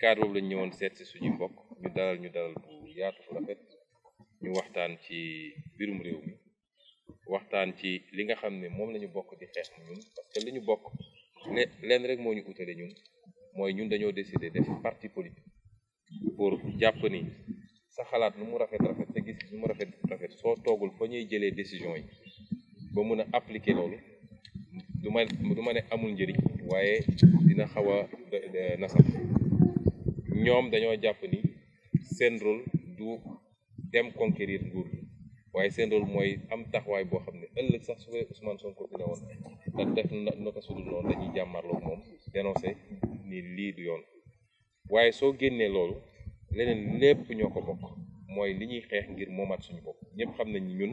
cadre boobu lañ ñëwoon seet si suñu bokk ñu dalal ñu dalal bu yaatu fu rafet ñu waxtaan ci biirum réew mi waxtaan ci li nga xam ne moom la bokk di xeex ñun bokk le leen rek moo ñu utale ñun mooy ñun dañoo décider def parti politique pour jàpp ni sa xalaat lu mu rafet rafet sa gis nu mu rafet rafet soo toogul fa ñuy jëlee décision yi ba mun a appliquer loolu du ma du ma ne amul njariñ waaye dina xaw a na ñoom dañoo jàpp ni seen rôle du dem conquérir nguur gi waaye seen mooy am taxawaay boo xam ne ëllëg sax su fekkee Ousmane Sonko fi ne woon ndax def na naka su dul noonu dañuy jàmmarloo moom dénoncé ni lii du yoon waaye soo génnee loolu leneen lépp ñoo ko bokk mooy li ñuy xeex ngir moomaat suñu bopp ñëpp xam nañ ñun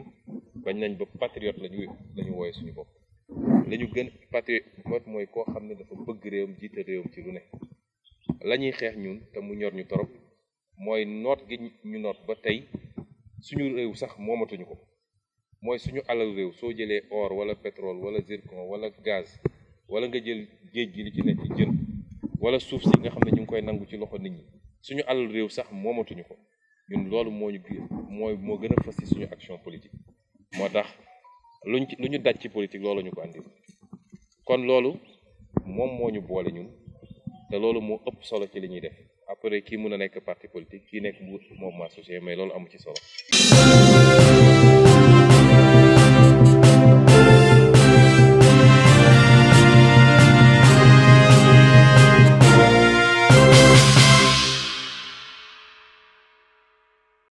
bañ nañ ba patriote lañu lañu wooye suñu bopp li ñu gën patriote mooy koo xam ne dafa bëgg réewam jiite réewam ci lu ne la ñuy xeex ñun te mu ñor ñu torop mooy noot gi ñu noot ba tey suñu réew sax moomatuñu ko mooy suñu alal réew soo jëlee or wala pétrole wala zircon wala gaz wala nga jël géej gi li ci nekk jën wala suuf si nga xam ne ñu ngi koy nangu ci loxo nit ñi suñu alal réew sax moomatuñu ko ñun loolu moo ñu biir mooy moo gën a fas ci suñu action politique moo tax luñ lu ñu daj ci politique loolu ñu ko àndil kon loolu moom moo ñu boole ñun te loolu moo ëpp solo ci li ñuy def après kii mun a nekk parti politique kii nekk mouvement social mais loolu amu ci solo